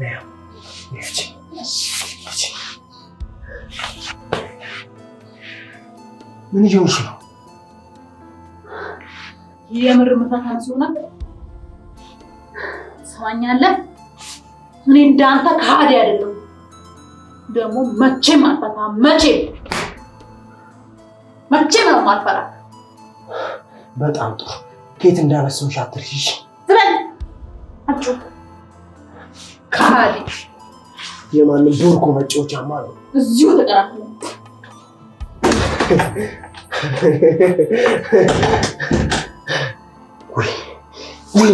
Now, ምን እየሆንሽ ነው? የምር መታት መስሎና ሰማኛለህ። እኔ እንዳንተ ከሃዲ አይደለም። ደግሞ መቼም አልፈታም። መቼም መቼ ነው የማልፈራ። በጣም ጥሩ። ከየት እንዳነሳሁሽ አትርሺ። ዝም በል ካድ የማንም ቦርኮ መጫወቻማ ነው። እዚሁ ተቀራፍ ወይ ወይ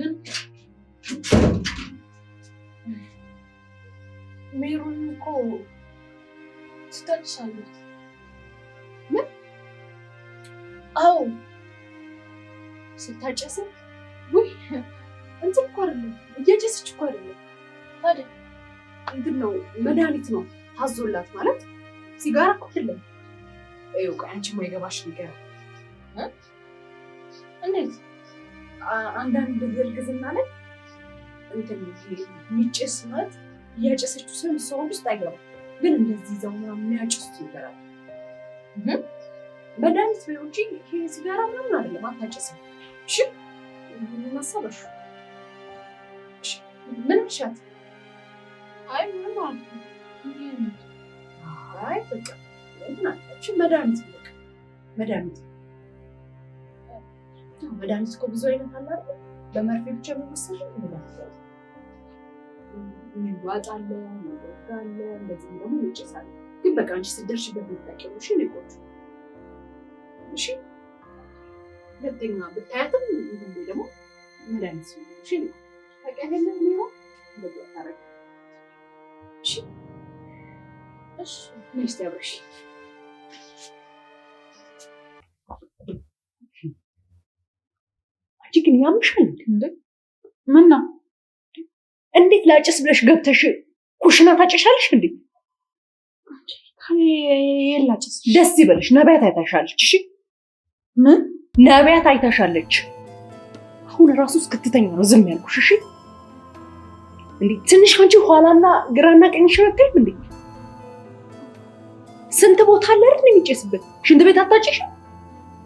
ግን ሜሮን እኮ ስታጭስ ምን? አዎ ስታጨስ ውይ እንትን እኮ አይደለም፣ እያጨሰች እኮ አይደለም። ታዲያ እንትን ነው መድኃኒት ነው ታዞላት ማለት ሲጋራ እኮ አይደለም። ይኸው ቆይ አንቺ የማይገባሽ ነገር እንዴት አንዳንድ እርግዝና ላይ እንትን የሚጭስ ማለት እያጨሰችው ስም ሰዎች ውስጥ አይገባ ግን እንደዚህ ዘው ምናምን የሚያጭሱት ይገራል። በዳኒት ውጪ ሲጋራ ምናምን አይደለም፣ አታጭስም። እሺ ማሳበሹ ምን ሻት አይ ምንም አይ በቃ መድኃኒት በቃ መድኃኒት መድኃኒት እኮ ብዙ አይነት አለ አይደል? በመርፌ ብቻ የሚወሰድ ይዋጣለ፣ አለ፣ እንደዚህም ደግሞ ይጭሳለ። ግን በቃ አንቺ ስትደርሽበት የምታውቂው እሺ። እኔ እሺ፣ ሁለተኛ ብታያትም ይሁን ደግሞ መድኃኒት እሺ፣ ታውቂያለሽ የሚሆን እንደዚያ ታረጊ እሺ። እሺ፣ አብረሽ አንቺ ግን ያምሻል እንዴ? ምን እንዴት ላጭስ ብለሽ ገብተሽ ኩሽና ታጨሻለሽ እንዴ? የላጭስ ደስ ይበልሽ። ነቢያት አይታሻለች። እሺ ምን ነቢያት አይታሻለች። አሁን ራሱ እስክትተኛ ነው ዝም ያልኩሽ። እሺ እንዴ ትንሽ አንቺ ኋላና ግራና ቀኝ ሽረክል እንዴ ስንት ቦታ አለ አይደል የሚጨስበት? ሽንት ቤት አታጭሽም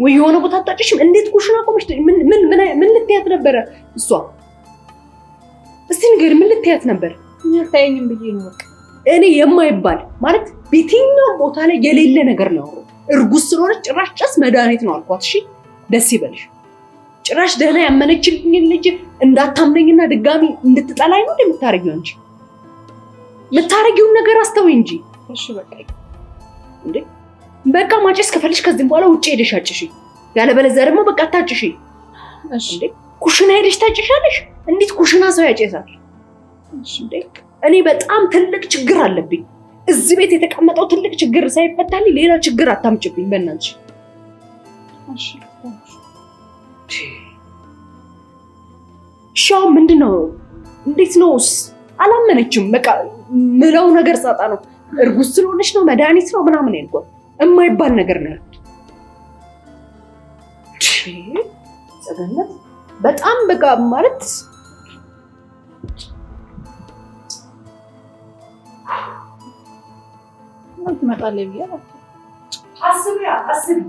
ወይ የሆነ ቦታ አታጭሽም? እንዴት ኩሽና ቆመሽ ምን ምን ምን ልትያት ነበረ እሷ? እስቲ ንገሪ፣ ምን ልትያት ነበር? አታየኝም ብዬ ነው በቃ። እኔ የማይባል ማለት በየትኛውም ቦታ ላይ የሌለ ነገር ነው። እርጉዝ ስለሆነች ጭራሽ ጨስ መድኃኒት ነው አልኳት። እሺ ደስ ይበልሽ። ጭራሽ ደህና ያመነችልኝ ልጅ እንዳታምነኝና ድጋሚ እንድትጠላኝ ነው እንደምታረጊው እንጂ የምታረጊውን ነገር አስተው እንጂ። እሺ በቃ እንዴ በቃ ማጨስ ከፈልሽ ከዚህም በኋላ ውጭ ሄደሽ አጭሺ፣ ያለበለዚያ ደግሞ በቃ አታጭሺ። ኩሽና ሄደሽ ታጭሻለሽ። እንዴት ኩሽና ሰው ያጨሳል? እኔ በጣም ትልቅ ችግር አለብኝ። እዚህ ቤት የተቀመጠው ትልቅ ችግር ሳይፈታልኝ ሌላ ችግር አታምጭብኝ በእናትሽ። ሻው አሁን ምንድን ነው? እንዴት ነውስ? አላመነችም። በቃ ምለው ነገር ሳጣ ነው። እርጉዝ ስለሆነች ነው መድኃኒት ነው ምናምን ያልኳት የማይባል ነገር ነው ያሉት። ጸገነት በጣም በቃ ማለት ትመጣለህ ብዬ አስብ ያ አስብ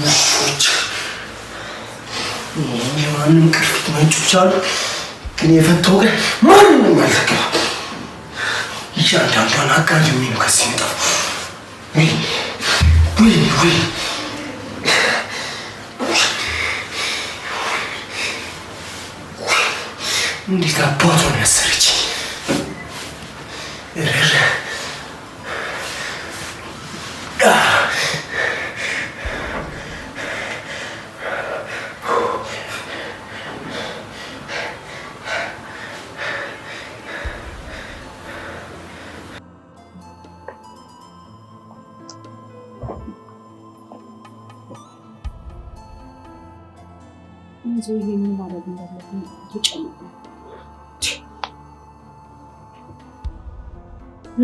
መጮች ማንም ቅርፊት መጮች አሉ። ግን የፈተው ግን ማንም አልተገባ። እያንዳንዷን አጋዥ የሚሉ ከዚህ የሚጠፋው ወይ ወይ እንዴት አባቷን ያሰረችኝ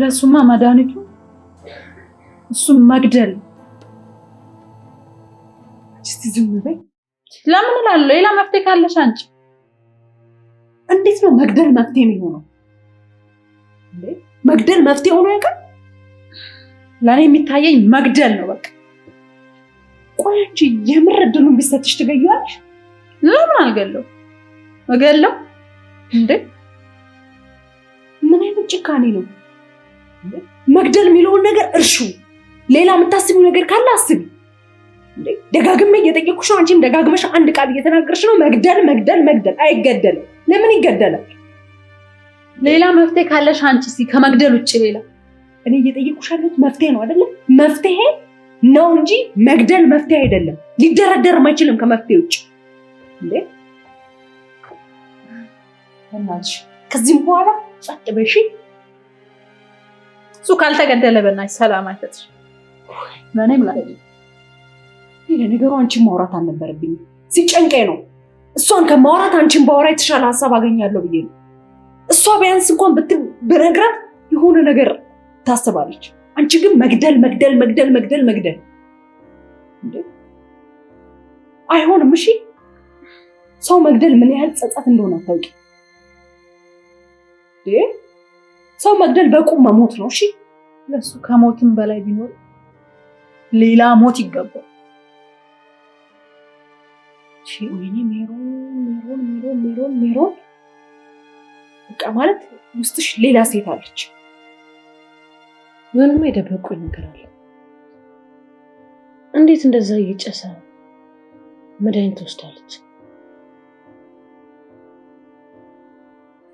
ለሱማ መድኃኒቱ እሱም መግደል። ለምን እላለሁ? ሌላ መፍትሄ ካለሽ አንቺ። እንዴት ነው መግደል መፍትሄ የሚሆነው? መግደል መፍትሄ ሆኖ ያውቃል? ለእኔ የሚታየኝ መግደል ነው በቃ። ቆይ አንቺ የምር እድሉን ቢሰጥሽ ትገኛለሽ? ለምን አልገለው እገለው እንዴ? ምን አይነት ጭካኔ ነው? መግደል የሚለውን ነገር እርሹ። ሌላ የምታስቢው ነገር ካለ አስቢ። ደጋግሜ እየጠየኩሽ አንቺም ደጋግመሽ አንድ ቃል እየተናገርሽ ነው። መግደል መግደል መግደል። አይገደልም። ለምን ይገደላል? ሌላ መፍትሄ ካለሽ አንቺ እስኪ ከመግደል ውጭ ሌላ። እኔ እየጠየኩሽ ያለሁት መፍትሄ ነው አይደለም? መፍትሄ ነው እንጂ መግደል መፍትሄ አይደለም። ሊደረደርም አይችልም ከመፍትሄ ውጭ። ከዚህም በኋላ ጸጥ በይ እሱ ካልተገደለ በእናትሽ ሰላም አይፈጥሽ። ለእኔም ላ ለነገሩ አንቺን ማውራት አልነበረብኝም። ሲጨንቀኝ ነው እሷን ከማውራት አንቺን ባወራ የተሻለ ሀሳብ አገኛለሁ ብዬ ነው። እሷ ቢያንስ እንኳን ብነግራት የሆነ ነገር ታስባለች። አንቺ ግን መግደል መግደል መግደል መግደል መግደል አይሆንም። እሺ ሰው መግደል ምን ያህል ጸጸት እንደሆነ አታውቂ ሰው መግደል በቁም መሞት ነው። እሺ ለሱ ከሞትም በላይ ቢኖር ሌላ ሞት ይገባል። ወይኔ ሜሮን ሜሮን ሜሮን ሜሮን ሜሮን በቃ ማለት ውስጥሽ ሌላ ሴት አለች። ምንም የደበቁ ነገር አለ። እንዴት እንደዛ እየጨሰ መድኃኒት ወስዳለች?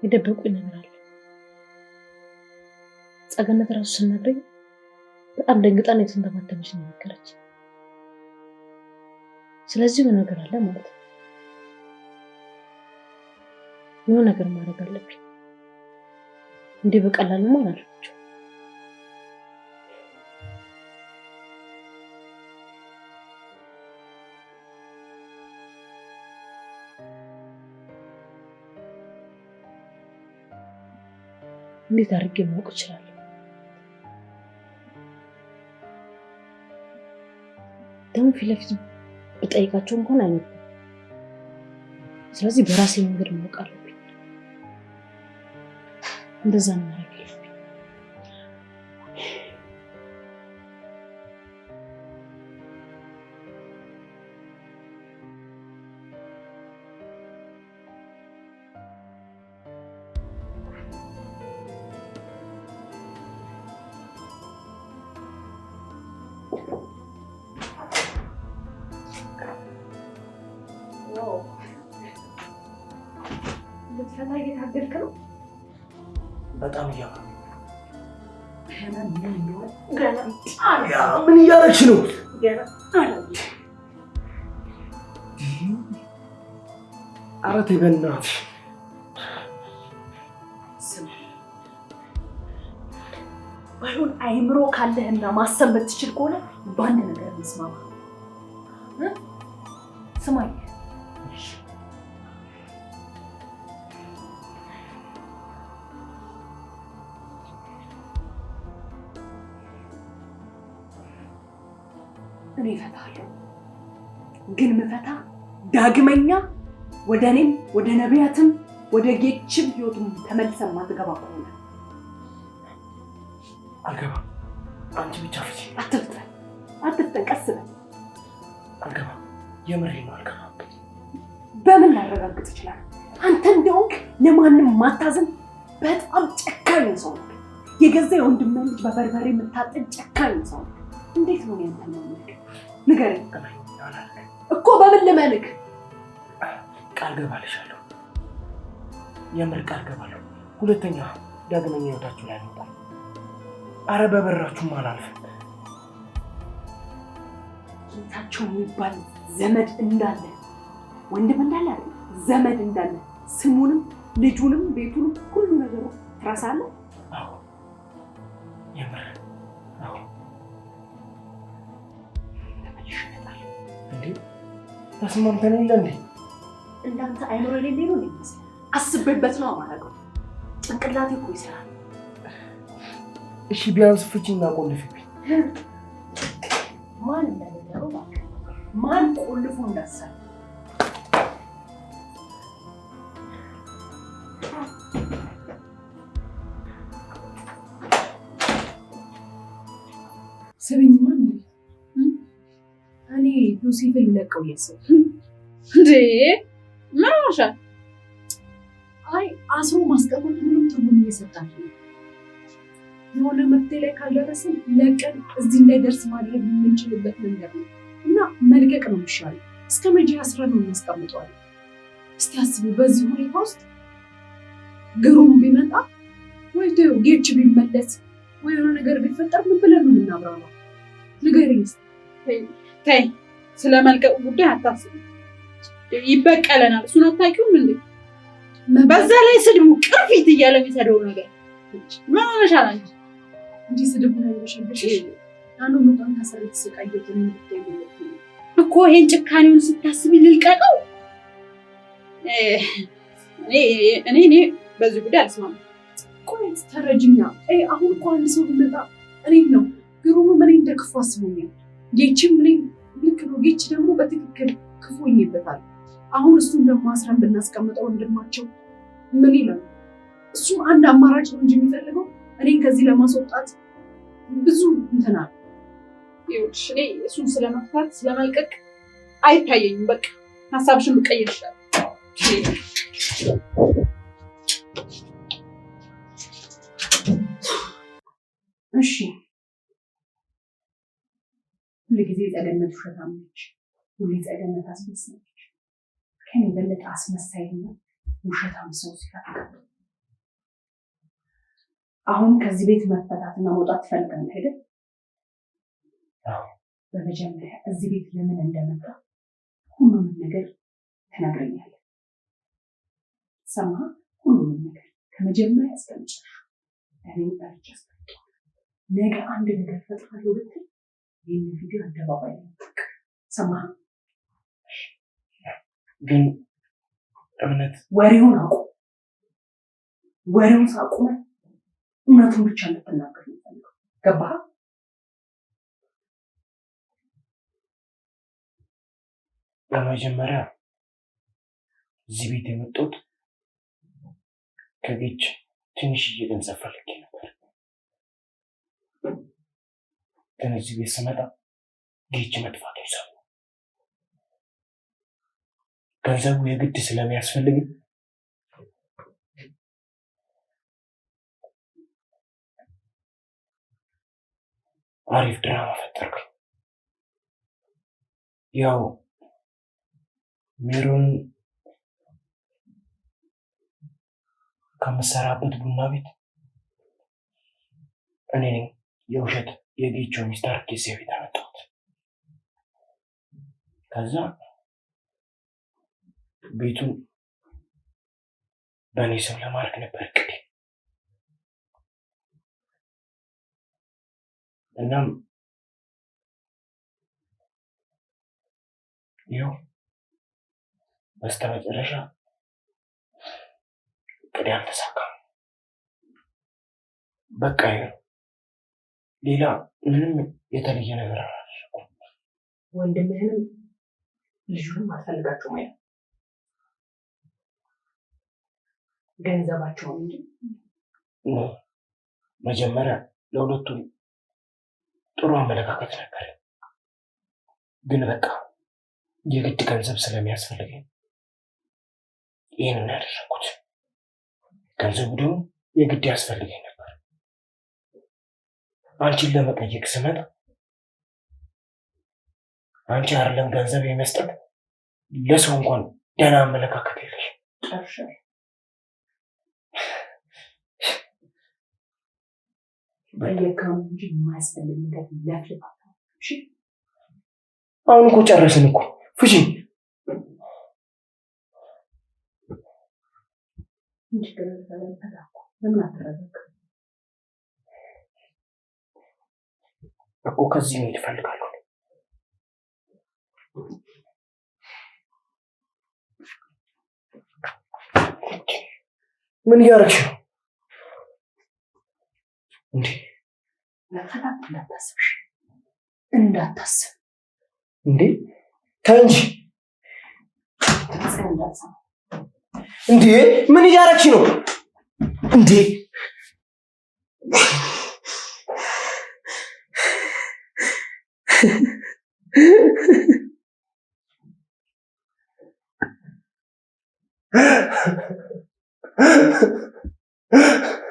የደበቁ ነገር አለ ጸገነት እራሱ ስነግረኝ በጣም ደንግጣ ነው የተንተባተበች ነው የነገረች። ስለዚህ የሆነ ነገር አለ ማለት ነው። የሆነ ነገር ማድረግ አለብኝ። እንዲህ በቀላሉ ማለት አላለችው። እንዴት አድርጌ ማወቅ እችላለሁ? ደግሞ ፊት ለፊት ብጠይቃቸው እንኳን አይመጡም። ስለዚህ በራሴ መንገድ ማወቅ አለብኝ። እንደዛ ማድረግ you. ልትፈታ እየታገልክ ነው። በጣም ምን ነው? ኧረ ተይ በእናትሽ ባይሆን አይምሮ ካለህና ማሰብ ትችል ከሆነ በአንድ ነገር ስማኝ ሁሉ ይፈታሉ። ግን ምፈታ ዳግመኛ ወደ እኔም ወደ ነቢያትም ወደ ጌችም ህይወቱም ተመልሰን ማትገባ ከሆነ አልገባ። አንቺ ብቻ ፍቺ። አትፍጠን፣ አትፍጠን፣ ቀስ በል። አልገባ። የምሬ ነው አልገባ። በምን ላረጋግጥ ይችላል? አንተ እንዲያውቅ ለማንም ማታዘን በጣም ጨካኝ ሰው የገዛ የወንድሜ ልጅ በበርበሬ የምታጠን ጨካኝ ሰው እንዴት ነው ያንተ ነው ንገረኝ እኮ በምን ልመንክ? ቃል ገባልሻለሁ። የምር ቃል ገባለሁ። ሁለተኛ ዳግመኛ ህይወታችሁ ላይ አልመጣም። አረ በበራችሁም አላልፍም። ጌታቸው የሚባል ዘመድ እንዳለ ወንድም እንዳለ ዘመድ እንዳለ ስሙንም ልጁንም ቤቱንም ሁሉ ነገሩ ትረሳለህ። አዎ የምር እንዴ ተስማምተን የለ እንዴ? እንዳንተ አይምሮ የሌለው ነው ይመስላል። አስቤበት ነው የማደርገው። ጭንቅላቴ እኮ ይሰራል። እሺ ቢያንስ ፍቺ እና ቆልፊብኝ። ማን እንደነገረው ማን ቆልፎ እንዳሰራ ሉሲፍን ለቀው እያሰብ እንዴ ምን ሆነሻል? አይ አስሮ ማስቀመጥ ምንም ትርጉም እየሰጣት የሆነ መፍትሄ ላይ ካልደረስን ለቀን እዚህ እንዳይደርስ ማድረግ የምንችልበት መንገድ ነው እና መልቀቅ ነው የሚሻለው። እስከ መቼ አስረን ነው እናስቀምጠዋለን? እስቲ አስቡ፣ በዚህ ሁኔታ ውስጥ ግሩም ቢመጣ ወይ ጌች ቢመለስ ወይ የሆነ ነገር ቢፈጠር ምን ብለን ነው የምናብራራው? ንገሪኝ ተይ ስለ መልቀቁ ጉዳይ አታስቡ። ይበቀለናል። እሱን አታውቂውም እንዴ? በዛ ላይ ስድቡ ቅርፊት እያለ የሚሰደው ነገር ምን ሆነሻል አንቺ? እንዲህ ስድቡ ነው የሚሸብሽ አንዱ በጣም ታሰሪ ተሰቃየት እኮ ይሄን ጭካኔውን ስታስቢ ልልቀቀው። እኔ እኔ በዚህ ጉዳይ አልስማማም። ቆይ ተረጅኛ። አሁን እኮ አንድ ሰው ብመጣ እኔን ነው ግሩም እንደ ክፉ አስቦኛል። ይችም እኔን ልክ ነው። ይች ደግሞ በትክክል ክፉ ይበታል። አሁን እሱን ደግሞ አስረን ብናስቀምጠው ወንድማቸው ምን ይላል? እሱ አንድ አማራጭ ነው እንጂ የሚፈልገው እኔን ከዚህ ለማስወጣት ብዙ እንትና ይኸውልሽ እኔ እሱን ስለመፍታት ስለመልቀቅ አይታየኝም። በቃ ሀሳብሽን ብቀይር ይችላል። እሺ ሁልጊዜ ጸገነት ውሸታሞች፣ ሁሌ ጸገነት አስመሳዮች፣ ከኔ የበለጠ አስመሳይና ውሸታም ሰው ሲፈጠር አሁን ከዚህ ቤት መፈታትና መውጣት ትፈልጋለህ አይደል? በመጀመሪያ እዚህ ቤት ለምን እንደመጣ ሁሉንም ነገር ተናግረኛለህ። ሰማ ሁሉንም ነገር ከመጀመሪያ እስከ መጨረሻ እኔ ነገ አንድ ነገር ፈጥራለሁ ብትል ይህን ፊት አደባባይ ሰማ። ግን እምነት ወሬውን አቁ ወሬውን ሳቁመ እውነቱን ብቻ እንድትናገር ይፈልጋል። ገባህ? በመጀመሪያ እዚህ ቤት የመጡት ከቤች ትንሽዬ ገንዘብ ፈልጌ ነበር። ግን እዚህ ቤት ስመጣ ጌጅ መጥፋት ይሰሩ ገንዘቡ የግድ ስለሚያስፈልግ አሪፍ ድራማ ፈጠርክ። ያው ሜሮን ከምሰራበት ቡና ቤት እኔ የውሸት የጌቾ ሚስት አርጌ ቤት አመጣሁት። ከዛ ቤቱ በእኔ ስም ለማድረግ ነበር እቅዴ። እናም ይኸው በስተመጨረሻ እቅዴ አልተሳካም። በቃ ይኸው ሌላ ምንም የተለየ ነገር አላደረኩም። ወንድምህንም ልጁንም አልፈልጋቸውም። ያ ገንዘባቸውን እንጂ መጀመሪያ ለሁለቱም ጥሩ አመለካከት ነበር፣ ግን በቃ የግድ ገንዘብ ስለሚያስፈልገኝ ይህንን ያደረኩት። ገንዘቡ ደግሞ የግድ ያስፈልገኛል። አንቺን ለመጠየቅ ስመጣ አንቺ አይደለም ገንዘብ የመስጠት ለሰው እንኳን ደህና አመለካከት የለሽ። አሁን እኮ ጨረስን እኮ ፍቺ ለምን እኮ ከዚህ መሄድ ይፈልጋሉ ምን እያደረግሽ ነው? እንዴ ለፈታት እንዳታስብሽ፣ እንዳታስብ። እንዴ ተንሽ እንዴ ምን እያደረግሽ ነው? እንዴ はい。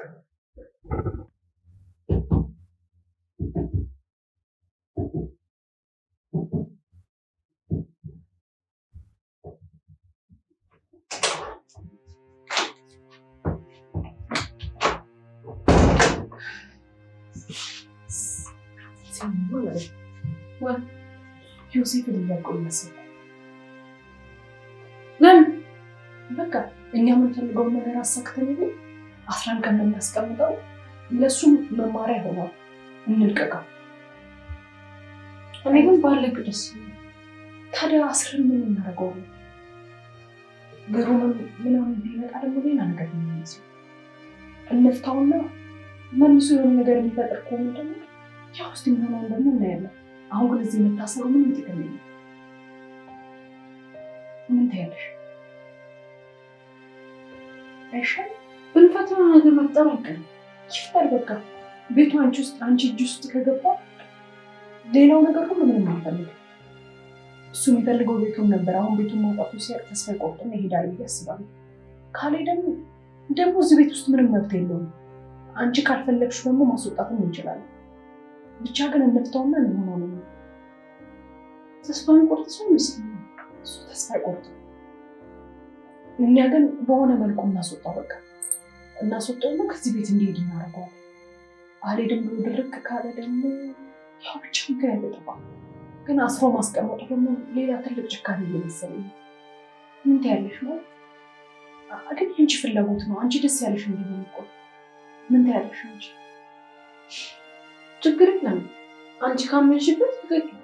ዮሴፍ ሊለቁ ይመስል ለምን በቃ እኛ የምንፈልገው ነገር አሳክተን ይሁን አስራን ከምናስቀምጠው ለእሱም መማሪያ ይሆናል። እንልቀቀው። እኔ ግን ባለቅ ደስ ታዲያ አስርን ምን እናደርገው? ግሩም ምናምን ቢመጣ ደግሞ ሌላ ነገር የሚመዝ እንፍታውና መልሶ የሆነ ነገር የሚፈጥር ከሆነ ደግሞ ያው ውስጥ የሚሆነውን ደግሞ እናያለን። አሁን ግን እዚህ መታሰሩ ምን ጥቅም የለም። ምን ታያለሽ? አይሻል ብንፈተና ነገር መፍጠር አቀን ይፍጠር በቃ ቤቱ አንቺ ውስጥ አንቺ እጅ ውስጥ ከገባ ሌላው ነገር ሁሉ ምንም አልፈልግም። እሱ የሚፈልገው ቤቱን ነበር። አሁን ቤቱን ማውጣቱ ሲያቅ ተስፋ ይቆርጥና ይሄዳል ብዬ ካሌ ደግሞ ደግሞ እዚህ ቤት ውስጥ ምንም መብት የለውም። አንቺ ካልፈለግሽ ደግሞ ማስወጣትም እንችላለን። ብቻ ግን እንፍታውና እንሆናለን ተስፋ የሚቆርጥ ሰው ይመስለኛል። እሱ ተስፋ አይቆርጥ። እኛ ግን በሆነ መልኩ እናስወጣው፣ በቃ እናስወጣው እና ከዚህ ቤት እንዲሄድ እናደርገዋለን። አልሄድም ብሎ ድርቅ ካለ ደግሞ ያው ብቻ ምክር ያለ ግን አስሮ ማስቀመጡ ደግሞ ሌላ ትልቅ ጭካኔ እየመሰለኝ ነው። ምን ትያለሽ ነው? ግን የአንቺ ፍላጎት ነው። አንቺ ደስ ያለሽ እንዲሆን እኮ ምን ትያለሽ? አንቺ ችግር የለም። አንቺ ካመንሽበት ትክክል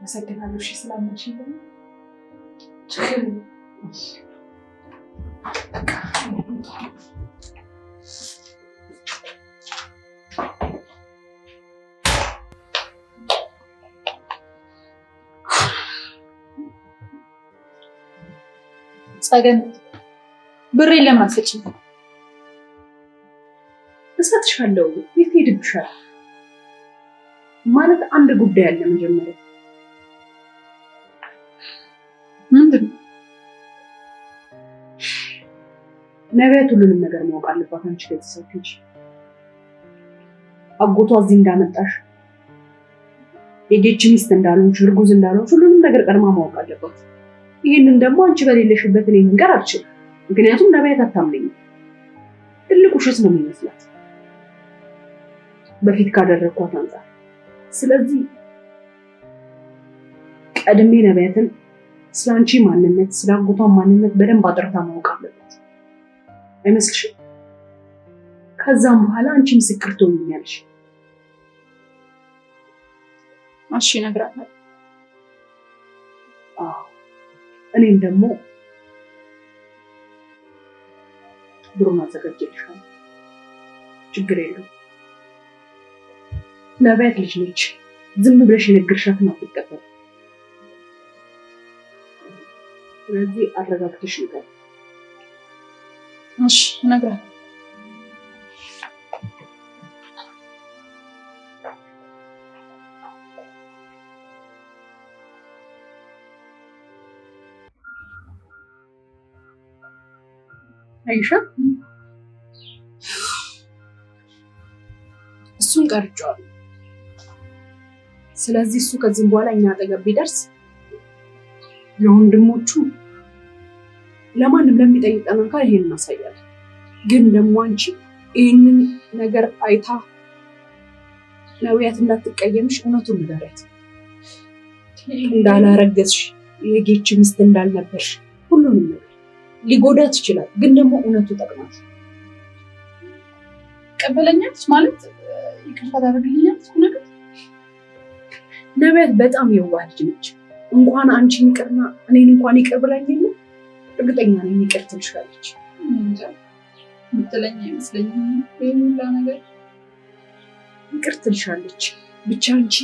መሰግናለሁ። እሺ ስላመንሽኝ ደግሞ ችግር ጸገን ብሬ ለማሰጭ እሰጥሻለሁ። የት ሄድብሻል? ማለት አንድ ጉዳይ አለ። መጀመሪያ ምንድን ነው ነቢያት ሁሉንም ነገር ማወቅ አለባት። አንቺ ቤተሰብች አጎቷ እዚህ እንዳመጣሽ የጌች ሚስት እንዳልሆንሽ እርጉዝ እንዳልሆንሽ ሁሉንም ነገር ቀድማ ማወቅ አለባት። ይህንን ደግሞ አንቺ በሌለሽበት እኔ መንገር አልችልም። ምክንያቱም ነቢያት አታምነኝም። ትልቅ ውሸት ነው የሚመስላት በፊት ካደረግኳት አንጻር ስለዚህ ቀድሜ ነቢያትን ስለ አንቺ ማንነት፣ ስለ አጎቷ ማንነት በደንብ አጥርታ ማወቅ አለበት አይመስልሽም? ከዛም በኋላ አንቺ ምስክር ትሆኛለሽ። እሺ፣ እነግራታለሁ። እኔም ደግሞ ብሩን አዘጋጅልሻለሁ። ችግር የለውም። ነቢያት ልጅ ነች። ዝም ብለሽ የነገርሻትን አትቀበል። ስለዚህ አረጋግተሽ ንገር። እሺ እነግራለሁ። አይሻ እሱን ቀርጫዋለሁ ስለዚህ እሱ ከዚህም በኋላ እኛ አጠገብ ቢደርስ ለወንድሞቹ ለማንም ለሚጠይቀን አካል ይሄን እናሳያለን። ግን ደግሞ አንቺ ይህንን ነገር አይታ ነቢያት እንዳትቀየምሽ እውነቱን ንገሪያት። እንዳላረገዝሽ የጌች ሚስት እንዳልነበርሽ ሁሉንም ነገር ሊጎዳት ይችላል። ግን ደግሞ እውነቱ ጠቅማት ቀበለኛት ማለት ይቅርታ ታደርግልኛለች ነገር ነቢያት በጣም የዋህ ልጅ ነች። እንኳን አንቺ ይቅርና እኔን እንኳን ይቅር ብላኝ የለ እርግጠኛ ነኝ ይቅር ትልሻለች። ምትለኛ ይመስለኝ ይህ ሁላ ነገር ይቅር ትልሻለች። ብቻ አንቺ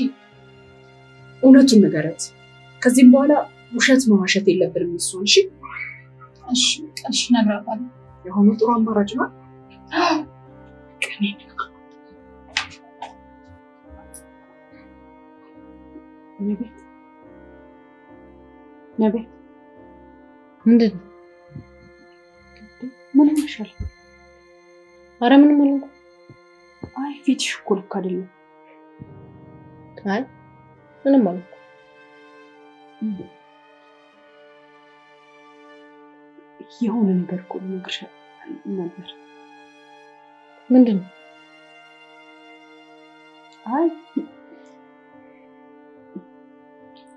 እውነቱን ንገረት። ከዚህም በኋላ ውሸት መዋሸት የለብንም። እሱን እሺ፣ እሺ፣ እሺ እነግራታለሁ። የሆኑ ጥሩ አማራጭ ነው። ነቤት ነቤት፣ ምንድን ነው? ምን ሆነሻል? አረ ምንም አልሆንኩም። አይ ፊትሽ እኮ ልክ አይደለም። አይ ምንም አልሆንኩም። የሆነ ነገር እኮ ልነግርሻል ነበር። ምንድን ነው? አይ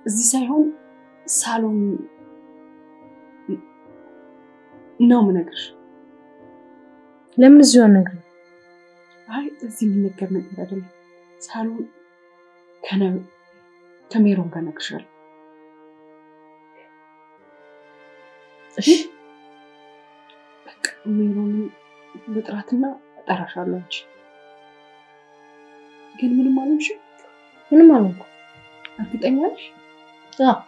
እዚህ ሳይሆን ሳሎን ነው የምነግርሽ። ለምን እዚሁ ነገር? አይ እዚህ የሚነገር ነገር አይደለም። ሳሎን ከሜሮን ጋር እነግርሻለሁ። እሺ በቃ ሜሮንን ልጥራትና እጠራሻለሁ። አንቺ ግን ምንም አልሆንሽም። ምንም አልሆንኩም። እርግጠኛ ነሽ? 的，